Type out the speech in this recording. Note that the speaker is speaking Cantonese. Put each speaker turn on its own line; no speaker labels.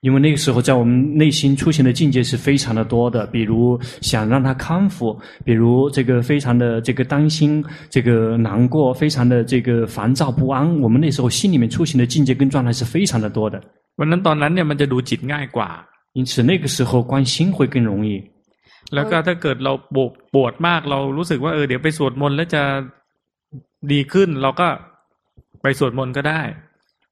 因為那個時候，在我們內心出現的境界是非常的多的，比如想讓他康復，比如這個非常的這個擔心、這個難過、非常的這個煩躁不安。我們那時候心裡面出現的境界跟狀態是非常的多的。
嗱，那嗰陣嘢，我哋做啲易啩。
因此，那個時候關心會更容易。
哦、如果他覺得我我覺得我哋去修煉就會好啲，我就可以修煉就可以。